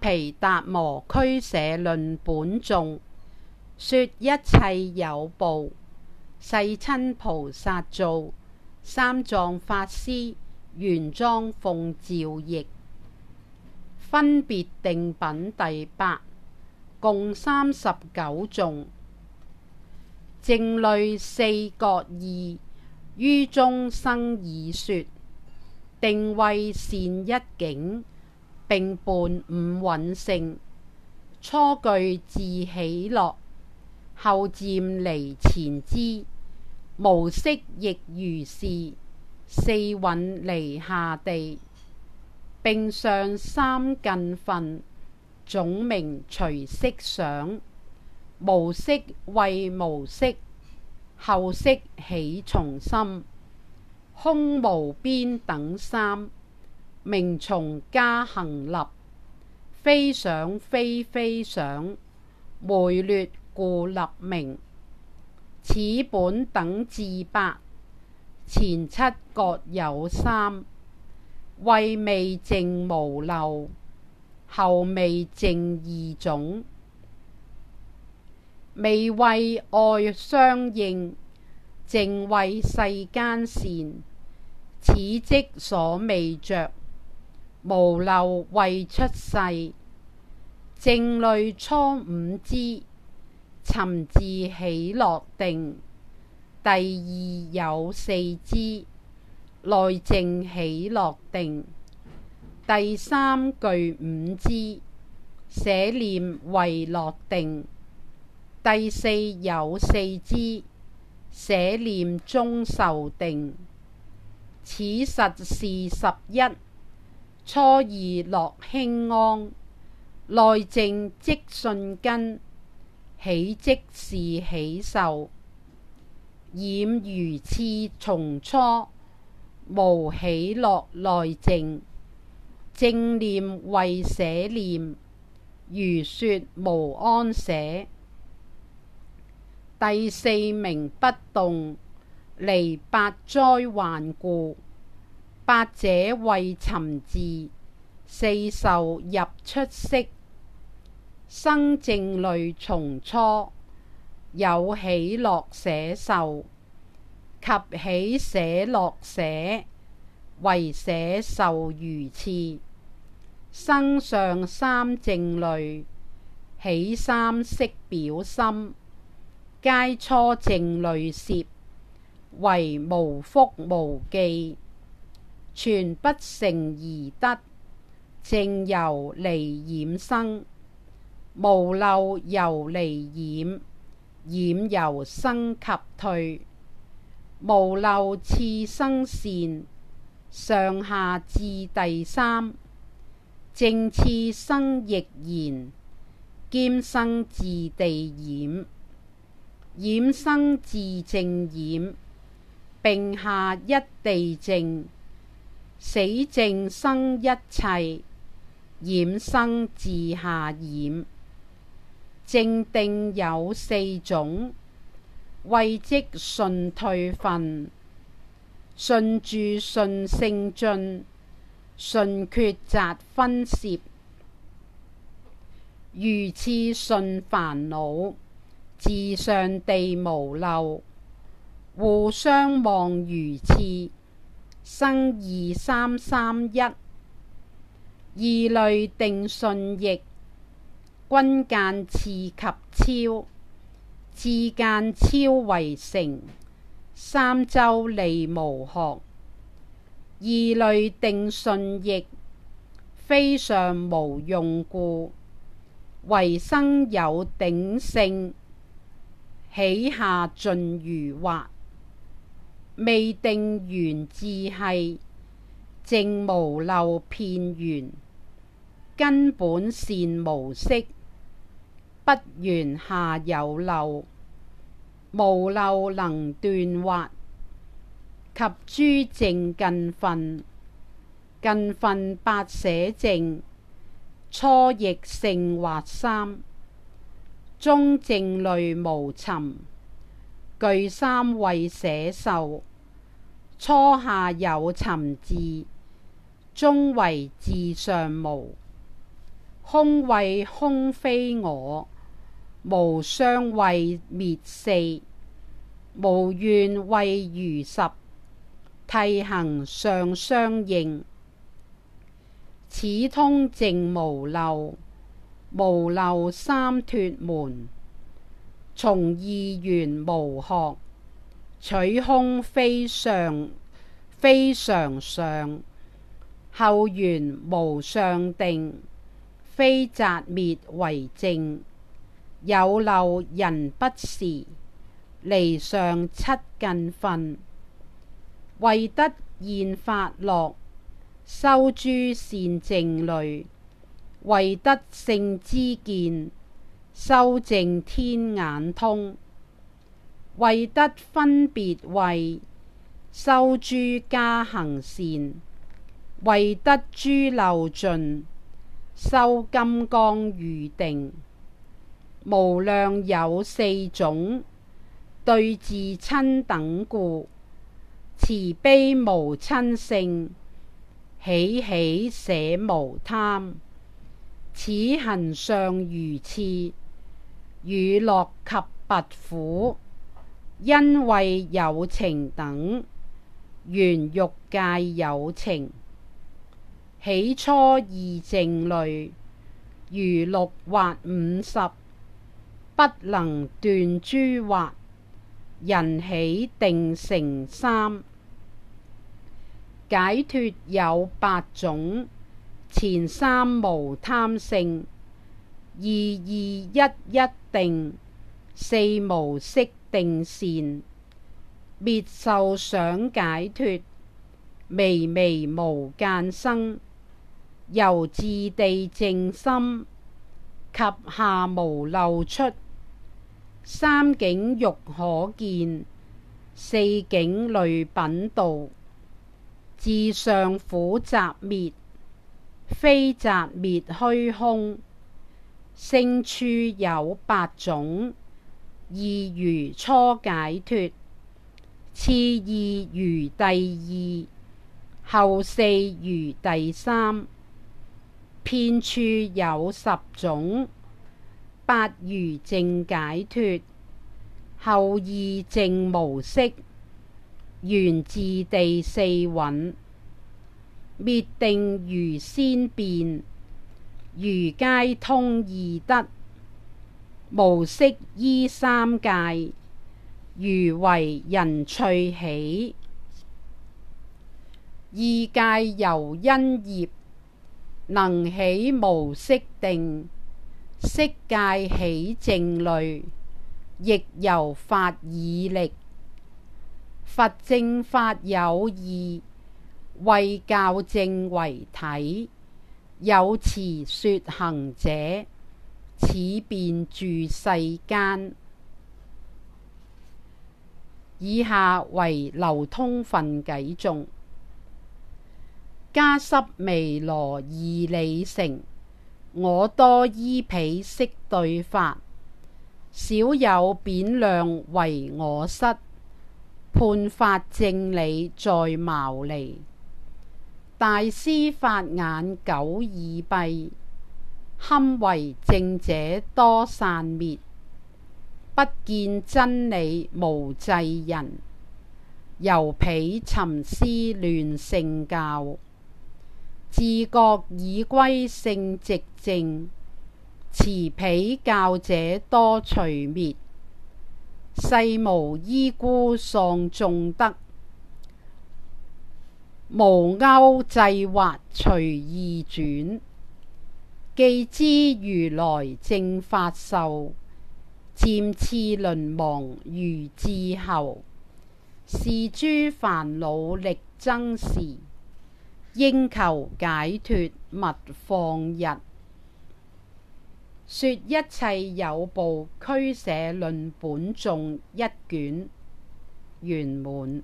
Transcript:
毘達磨俱舍論本頌說一切有部，世親菩薩造三藏法師玄奘奉詔譯，分別定品第八，共三十九頌，靜慮四各二，於中生已說，定謂善一境。並伴五蘊性，初具伺喜樂，後漸離前支，無色亦如是。四蘊離下地，並上三近分，總名除色想，無色謂無色，後色起從心，空無邊等三。名從加行立，非想非非想，昧劣故立名。此本等至八，前七各有三，謂味淨無漏，後味淨二種，味謂愛相應，淨謂世間善，此即所味著。無漏謂出世，靜慮初五支；尋伺喜樂定，第二有四支；內淨喜樂定，第三具五支；捨念慧樂定，第四有四支；捨念中受定，此實事十一。初二樂輕安，內淨即信根，喜即是喜受，染如次從初，無喜樂內淨，正念慧捨念，餘說無安捨。第四名不動，離八災患故。八者謂尋伺，四受入出息。生靜慮從初，有喜樂捨受，及喜捨樂捨，唯捨受如次。生上三靜慮，起三識表心，皆初靜慮攝，唯無覆無記。全不成而得淨，由離染生無漏，由離染染由生及退，無漏次生善上下至第三淨次生亦然，兼生自地染染生自淨染，并下一地淨。死淨生一切，染生自下染。淨定有四種，謂即順退分，順住順勝進，順決擇分攝。如次順煩惱，自上地無漏，互相望如次。生二三三一，二類定順逆，均間次及超，至間超為成。三洲利無學，二類定順逆，非上無用故，唯生有頂聖，起下盡餘惑。味定緣自繫，淨無漏遍緣，根本善無色，不緣下有漏，無漏能斷惑，及諸淨近分，近分八捨淨，初亦聖或三，中靜慮無尋。具三唯捨受，初下有尋伺，中唯伺上無，空謂空非我，無相謂滅四，無願謂餘十，諦行相相應，此通淨無漏，無漏三脫門。重二緣無學，取空非常，非常相後緣無相定，非擇滅為靜。有漏人不時離上七近分，為得現法樂，修諸善靜慮，為得勝知見。修淨天眼通，為得分別慧，修諸加行善，為得諸漏盡，修金剛喻定，無量有四種，對治瞋等故，慈悲無瞋性，喜喜捨無貪，此行相如次。與樂及拔苦，欣慰有情等，緣欲界有情，喜初二靜慮，餘六或五十，不能斷諸惑，人起定成三，解脫有八種，前三無貪性，二二一一。定，四無色定善，滅受想解脫，微微無間生，由自地淨心，及下無漏出。三境欲可見，四境類品道，自上苦集滅，非擇滅虛空。勝處有八種，二如初解脫，次二如第二，後四如第三。遍處有十種，八如淨解脫，後二淨無色，緣自地四蘊，滅定如先辯。餘皆通二得，無色依三界，餘唯人趣起；二界由因業，能起無色定，色界起靜慮，亦由法爾力，佛正法有二，謂教證為體。有持說行者，此便住世間。以下為流通分偈頌：迦濕彌羅議理成，我多依彼釋對法，少有貶量為我失，判法正理在牟尼。大師法眼久已閉，堪為證者多散滅，不見真理無制人。由鄙尋思亂聖教，自覺已歸勝寂靜，持彼教者多隨滅，世無依怙喪眾德。無鈎制惑隨意轉，既知如來正法壽，漸次淪亡如至喉，是諸煩惱力增時，應求解脫勿放逸。說一切有部俱舍論本頌一卷圓滿。